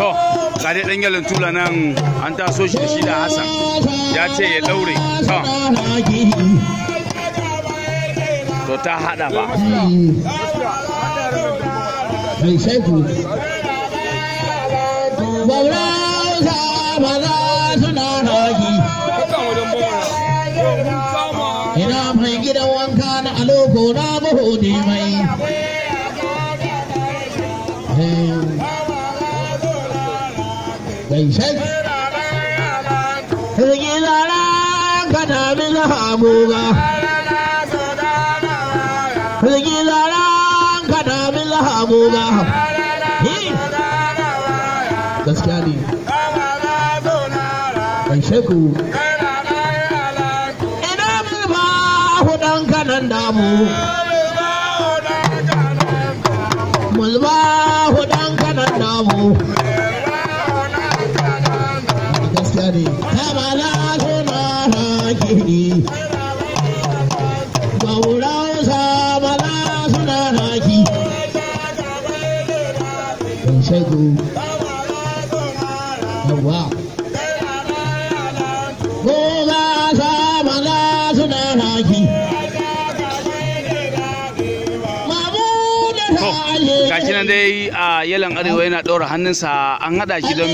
to ga dai dan yalin tula nan an taso shi da shi da hasan ya ce ya daure to to ta hada ba mai shaiku baura maza suna ragi ina mai gidan wanka na aloko na buhu ne mai shek rigilara gada mina agoga rigilara gada mina agoga gaskiya ne mai sheku ina ba hudan kanan damu mulba hudan kanan damu don shaidu yawa goga sama suna gashi nan dai a yalan arewa yana ɗora hannunsa an haɗa shi don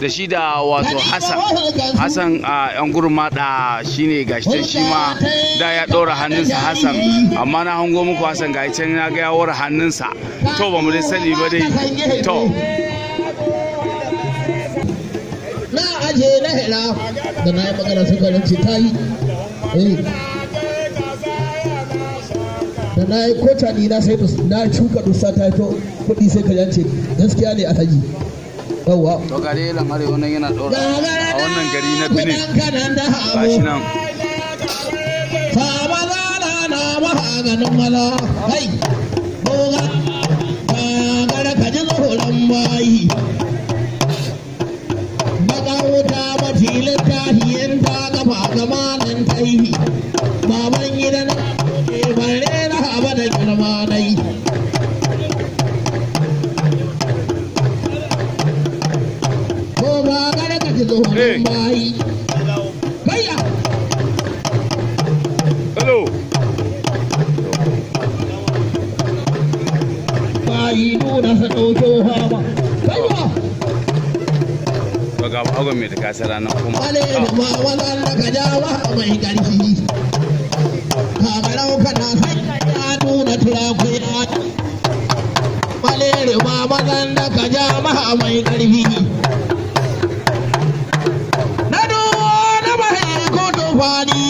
da shi da wato hassan hassan a yan gurma da shi ne gashi shi ma da ya ɗora hannunsa hassan amma na hango muku hassan ga can ya ga yawar hannunsa to ba mu dai sani ba dai to na aje na hela da na yi magana suka rinci ta yi eh. da na yi kota ni na sai na shuka dusa ta fito kuɗi sai ka yance gaskiya ne a taji yawa to ga dai yana a wannan gari na Benin gashi nan fama na mahaganin mala kai boga gara ka ji tsoron bayi baka wuta ba ta kafa taihi baban da kasa ranar kuma. Wale ma wala da ka jawa a mai ƙarfi. Kamarau kana sai ya nuna turakuya. Wale ma wala da ka jawa a mai ƙarfi. Na duwa na ko tufani.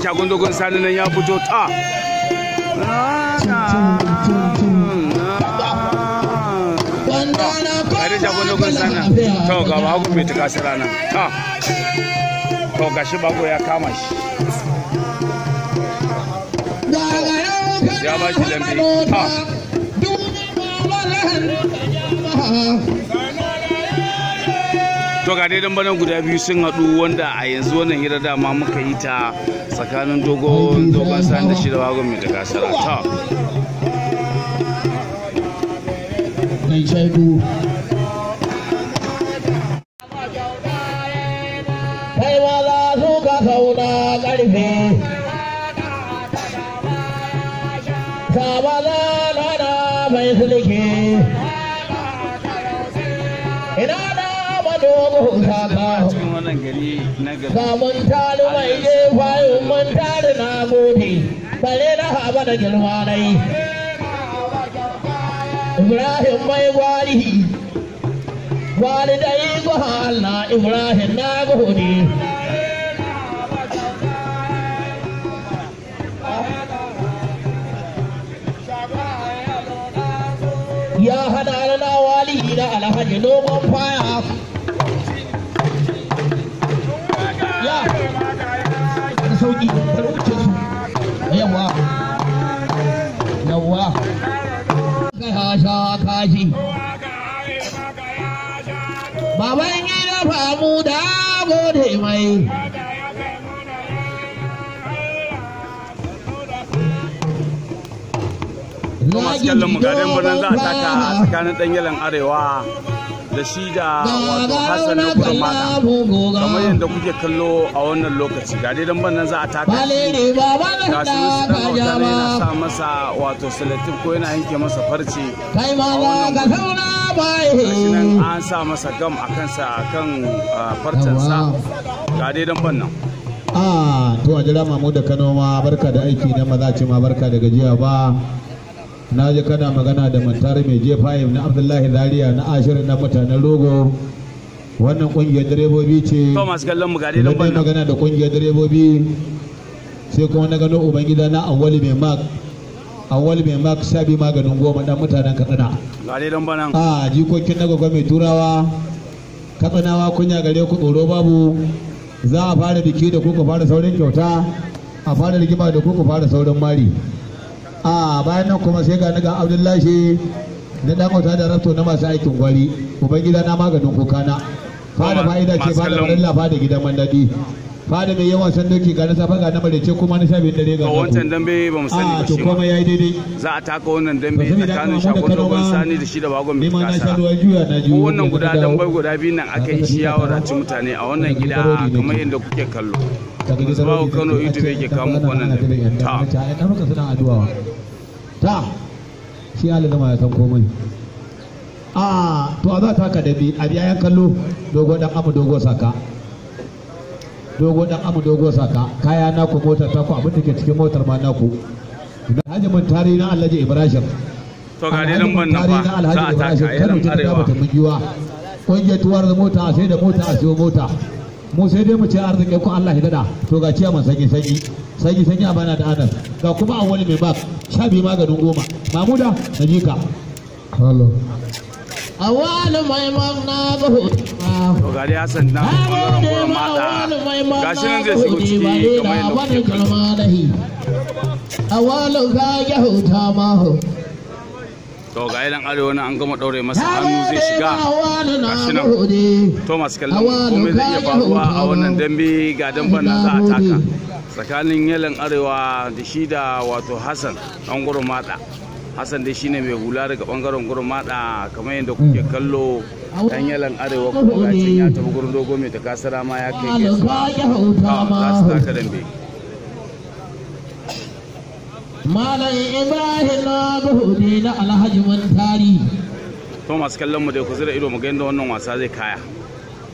shagon dogon sani nan ya fito ta kare shagon dogon sani ga mai tuka ta to gashi bago ya kama shi ya ba shi dambe ta to ga dai guda biyu sun haɗu wanda a yanzu wannan hira dama muka yi ta tsakanin dogon sani da shi da wagon mai daga sara ta kai maza mai ina samun talu mai bare na haba da girma ibrahim mai walihi walidai gwaha allah ibrahim na gode ya hada na walihi na alhaji noman faya ya sha kashi baban gida famu da gode mai Masu kallon mu ga dan birnin za a tsakanin dan arewa da shi da wato hassan na kurmana kamar yadda kuke kallo a wannan lokaci ga dai ban nan za a taka shi ga su yana sa masa wato selective ko yana yanke masa farce a wannan eh. an sa masa gam a kansa a kan farcensa ga dai ban nan a ah, to a jira mamu da kano ma barka da aiki na maza ce ma barka da gajiya ba na ji kana magana da mantare mai jefa 5 na abdullahi zariya na ashirin na mutanen rogo wannan kungiyar direbobi ce da magana da kungiyar direbobi sai kuma na gano ubangida na awali mai mak awali mai mak shabi maganin goma dan mutanen katsina a jikokin na gwagwa mai turawa katsinawa kunya gare ku tsoro babu za a fara biki da kuka fara saurin kyauta a fara rigima da kuka fara saurin mari a bayan nan kuma sai ga ni ga abdullahi na dan wata da rafto na masu aikin gwari ubangida na maganin kukana da fa'ida ce fada fa da gidan mandadi fada mai yawan san doki ga na safa ga na marece kuma na shabin dare ga wancan dambe ba mu sani ah, ba to kuma yayi daidai za a taka wannan dambe tsakanin shagon ban sani da shi da bagon mai kasa ko wannan guda dambe guda biyu nan aka yi shi ya ci mutane a wannan gida kamar yadda kuke kallo ku Kano YouTube yake kawo muku wannan dambe ta ta shi ya lalama ya san komai a ah, to a za ta ka bi a biya yan kallo dogo dan abu dogo saka dogo dan amu dogo saka kaya naku ta ku abin da ke cikin motar ma naku da mun tare na alhaji ibrahim to ga dai nan ban nan ba ta a taka yaran eh, arewa kungiyar tuwar da mota sai da mota a siyo mota mu sai dai mu ce arziki ku Allah ya dada to ga ciyaman sanyi sanyi sanyi sanyi a bana da anas ga kuma a wani mai bak sha biyu maganin goma mamuda na jika awalu mai magna zuhu to ga dai hasan na bangaren gurin mata gashi nan zai shigo ciki kamar yadda kuke awalu ga ma. mahu to ga idan arewa na an gama ɗaure masa hannu zai shiga gashi nan thomas kallon komai zai iya faruwa a wannan dambe ga damban na za a taka tsakanin yalin arewa da shi da wato hassan ɗan gurin mata hassan dai shine mai hula daga bangaren gurin mada kamar yadda kuke kallo dan yalan arewa kuma gacin ya tafi gurin dogo mai takasara ma ya kai ke su za su ibrahim na buhude na alhaji mantari to masu kallon mu dai ku zira ido mu ga yadda wannan wasa zai kaya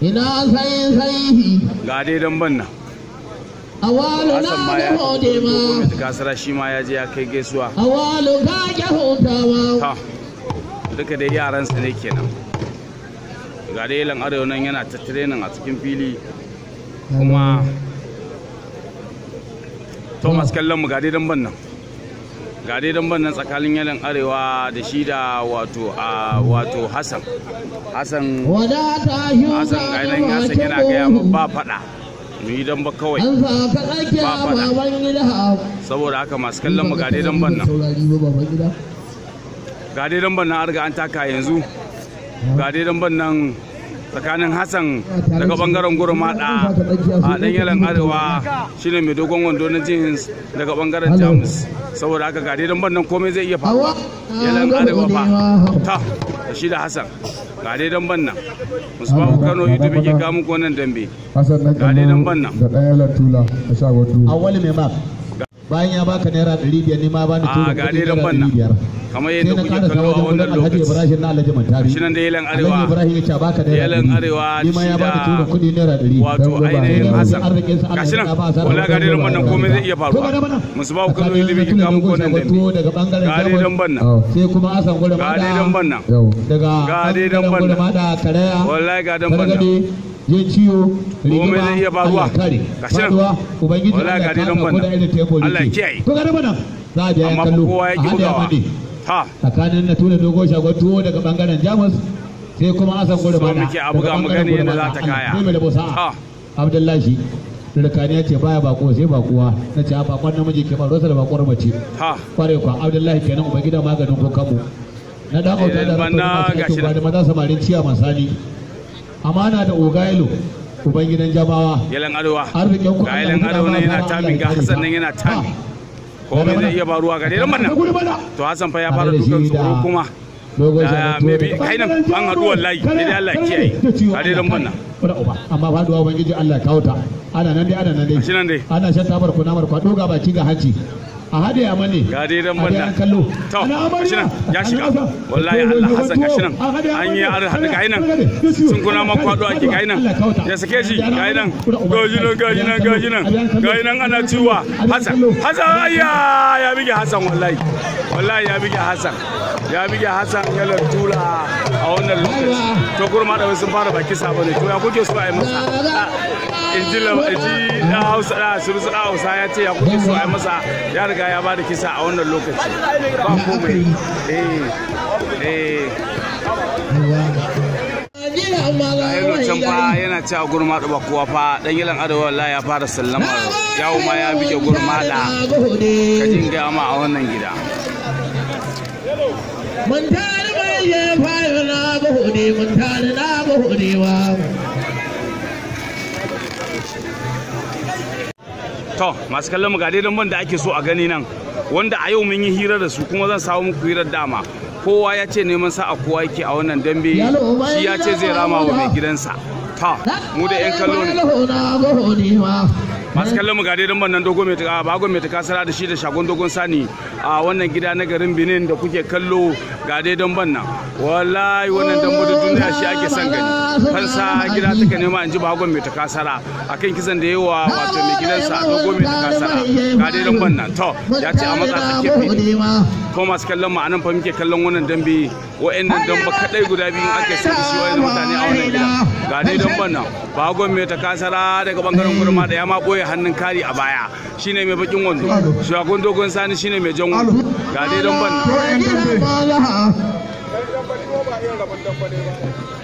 ina sai sai ga dai dan banna awalu na da hode ma gasara shi ma ya je ya kai gaisuwa awalu da ya duka dai yaransa ne kenan ga dai lan arewa nan yana ta training a cikin fili kuma Thomas kallon mu ga dai dan nan ga dai damban nan tsakanin yalan arewa da shi da wato a wato hassan hassan hassan ga nan ya san yana gaya ma ba fada mu yi damba kawai ba fada saboda haka masu kallon mu gade damban nan gade damban nan an riga an taka yanzu gade damban nan tsakanin hassan daga bangaren gurmada a dan yalan arewa shine mai dogon wando na jeans daga bangaren jamus saboda haka gari don bannan komai zai iya faruwa yalan arewa ba. ta da shi da hassan gari don bannan musamman kano youtube ke kamun nan dambe gari don bannan dan a mai bayan ya baka naira da biyar ne ma ba ni tuba kuɗi naira ɗari biyar ah, kamar yadda kuke kallo a wannan lokaci Ibrahim na Alhaji Mantari shi nan da yalan arewa Alhaji Ibrahim ya baka naira yalan arewa ni ma ya baka ni tuba kuɗi naira ɗari wato ainihin Hassan gashi nan wala ga dai wannan komai zai iya faruwa musu ba ku kallo ilimi ki kamu ko nan daga bangaren ga dai dan banna sai kuma Hassan gure ma da ga dai dan banna daga ga dai dan banna wallahi ga dan banna ya ciyo rigima Allah kare faduwa ubangiji Allah ya kare ko da irin tebol ya kiyaye to gare mana za a biya kallo a hada ya fadi ha tsakanin na tuna dogo shagon tuwo daga bangaren Jamus sai kuma asan gudu bana muke abu ga mu gani yadda za ta kaya sai mai da bosa Abdullahi Turkani ya ce baya bako sai bakuwa na ce a bakon namiji ke baro sa da bakuwar mace kware kwa Abdullahi kenan ubangida maganin ko kamu na dakauta da rafa da maza samarin ciya masani amana da ogailo ubangidan jamawa yalan adowa arzikin ku ga yalan adowa ne yana tamin ga hasan nan yana tamin komai ne iya baruwa ga dai nan to hasan fa ya fara dukan tsoro kuma maybe kai nan an haɗu wallahi dai Allah kiyaye ga dai dan banna amma ba duwa ubangiji Allah A ana nan dai ana nan dai ana shan tabar kunamar kwa doga baki ga hanci a hade ya mane ga dai dan banda to gashi nan ya shiga wallahi Allah Hassan gashi nan an yi ar hada gayi nan sun kuna ma kwado ake gayi nan ya sake shi gayi nan gaji nan gaji nan gaji nan gayi nan ana ciwa Hassan Hassan ayya ya bige Hassan wallahi wallahi ya bige Hassan ya bige Hassan ya lantula a wannan lokaci to kurma da sun fara baki sabo ne to ya kuke so a yi masa inji da hausa da surusu da hausa ya ce ya kuke so a masa ya riga ya ba da kisa a wannan lokaci ba komai eh, eh. fa yana a gurma da kowa fa dan yalan adawa wallahi ya fara sallama yawo ma ya bige gurma da kajin ga ma a wannan gida mun tare mai ya fara na bahode mun tare na bahodewa to masu kallon mu ga dai da ake so a gani nan wanda a yau mun yi hira da su kuma zan samu muku hirar dama kowa ya ce neman sa a kowa yake a wannan dambe shi ya ce zai rama wa mai gidansa ta mu da yan kallo ne masu kallon mu gade don wannan dogon mai tuka bago mai tuka sara da shi da shagon dogon sani a wannan gida na garin Benin da kuke kallo gade don wannan wallahi wannan dan da duniya shi ake son gani fansa gida take nema in ji bagon mai tuka sara akan kisan da yawa wato mai gidansa dogon mai tuka sara ga don wannan to ya ce a matsa tsakiyar fili ko masu kallon mu anan fa muke kallon wannan dambe wa'annan dambe kadai guda biyu ake san shi wa'annan mutane a wannan ga dai don banna ba mai ta kasara daga bangaren kurma da ya ma boye hannun kari a baya shine mai bakin wando shagon dogon sani shine mai jan wando ga dai don banna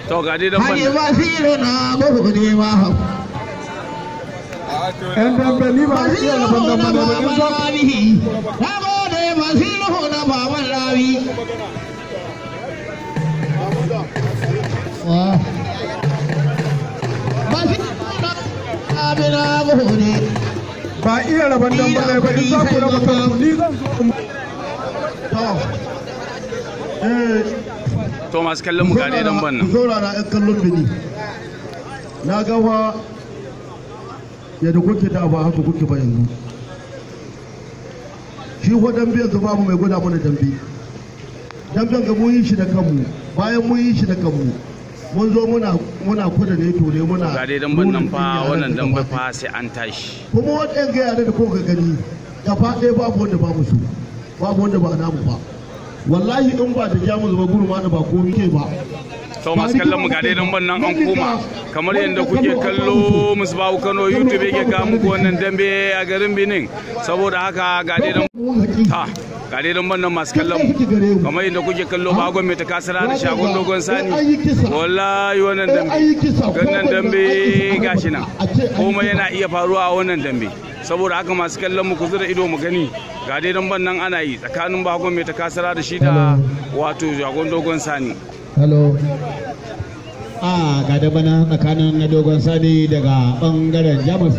to ga dai don banna ‘Yan dambe ni ba su dambe masiru na baban rabi. ba iya rabon ba in za ku eh. kallon mu gane dan ban zora na ɗan kallon bini na ga wa yadda kuke da ba haka kuke ba yanzu shi ko dambe yanzu ba mu mai gwada mana dambe damben ga mun yi shi da kanmu bayan mun yi shi da kanmu mun zo muna muna kuda ne tore muna ga dai dan bannan fa wannan dan ba fa sai an tashi kuma wadan ga yare da ko ga gani fa ɗaya babu wanda ba musu babu wanda ba namu ba wallahi in ba da jamu zuba guruma da ba komai ke ba to masu kallon mu ga dai lambar nan an koma kamar yadda kuke kallo musu bawu kano youtube yake ga muku wannan dambe a garin benin saboda haka ga dai ha ga dai lambar nan masu kallon mu kamar yadda kuke kallo bagon mai ta kasara da shagon dogon sani wallahi wannan dambe wannan dambe gashi nan komai yana iya faruwa a wannan dambe saboda haka masu kallon mu ku zura ido mu gani ga dai lambar nan ana yi tsakanin bagon mai ta kasara da shi da wato shagon dogon sani hello a ga bana tsakanin na dogon sani daga bangaren jamus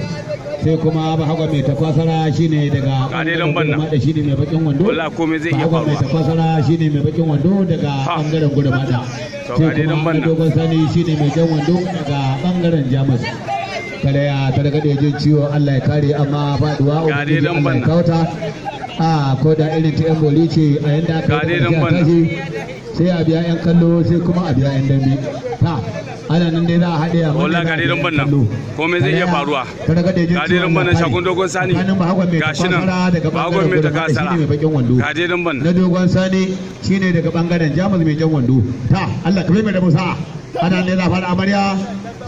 sai kuma ba hagu mai tafasara shine daga kalilan banna da shine mai bakin wando wallahi komai zai iya faruwa tafasara shine mai bakin wando daga bangaren gudu mata sai kuma na dogon sani shine mai jan wando daga bangaren jamus kare ya targade jin ciwo Allah ya kare amma faduwa ubangiji Allah ya a ko da irin ta yan boli ce a yanda aka yi tashi sai a biya yan kallo sai kuma a biya yan dambe ta ana nan dai za a haɗe a wala ga dai rumban nan komai zai iya faruwa ga dai rumban nan shakun dogon sani gashi nan bagon mai daga sara ga dai rumban na dogon sani shine daga bangaren jamus mai jan wando ta Allah ka bai mai da musa ana ne za fara amarya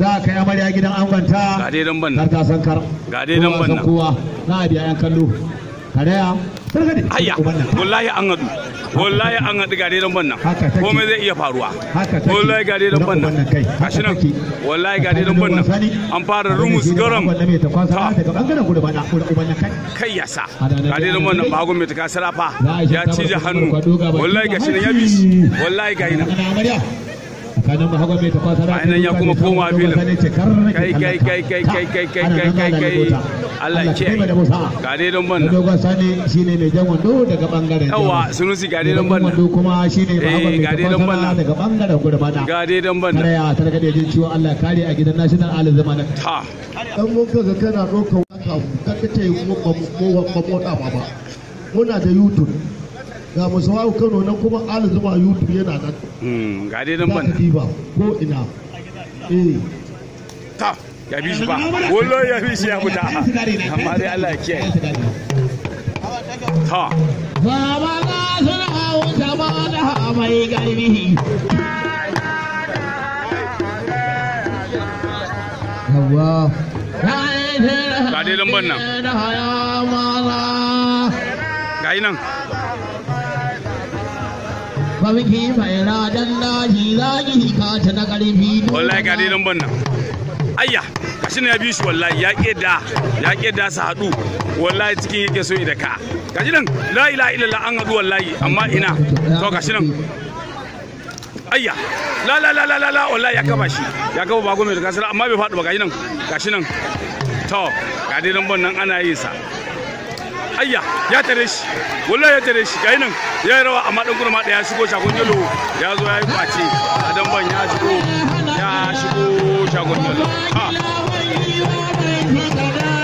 za a kai amarya gidan angwanta ga dai rumban nan kar ta san kar ga dai rumban nan kowa a biya yan kallo karaya sargade hayya wallahi an hadu wallahi an hadu gare dan bannan komai zai iya faruwa wallahi gare dan bannan gashi nan wallahi gare dan bannan an fara rumus garam kai ya sa gare dan bannan ba gwamnati ka sarafa ya cije hannu wallahi gashi ya bi wallahi gashi ainihin ya kuma koma filin kai kai kai kai kai kai kai kai kai kai Allah ya ce ga dai don banna dogon sani shine mai jan wando daga bangaren yawa sunusi ga dai don banna wando kuma shine mai ga dai don banna daga bangaren gurmana ga dai don banna kare ya targa da jin ciwo Allah kare a gidan national alin zama na ta dan mun kaga kana rokan ka ka kace mu mu mu mota ba muna da youtube ga hau kano nan kuma ala zuma youtube yana nan hmm, ga dai nan ban ko ina eh ta ya bi shi ba wallo ya bi shi ya fita amma dai Allah ya kiyaye ta ba ba na sana hau ba da mai garbi Wow. Ga dai lambar nan. Ga yi nan. sarki faira dan nashi zagi ka na karfi wallahi ga dai lambar nan ayya kashi ne ya bi shi wallahi ya ya su haɗu wallahi cikin yake so da ka kashi nan la ilaha illallah an haɗu wallahi amma ina to kashi nan ayya la la la la la wallahi ya shi ya mai da kasar amma bai faɗi ba gashi nan nan to ga dai lambar nan ana yin sa ayya ya tare shi wallahi ya tare shi gayi nan ya yi rawa amma dan gurma da ya shigo shagon yalo ya zo ya yi kwace a dan ban ya shigo ya shigo shagon yalo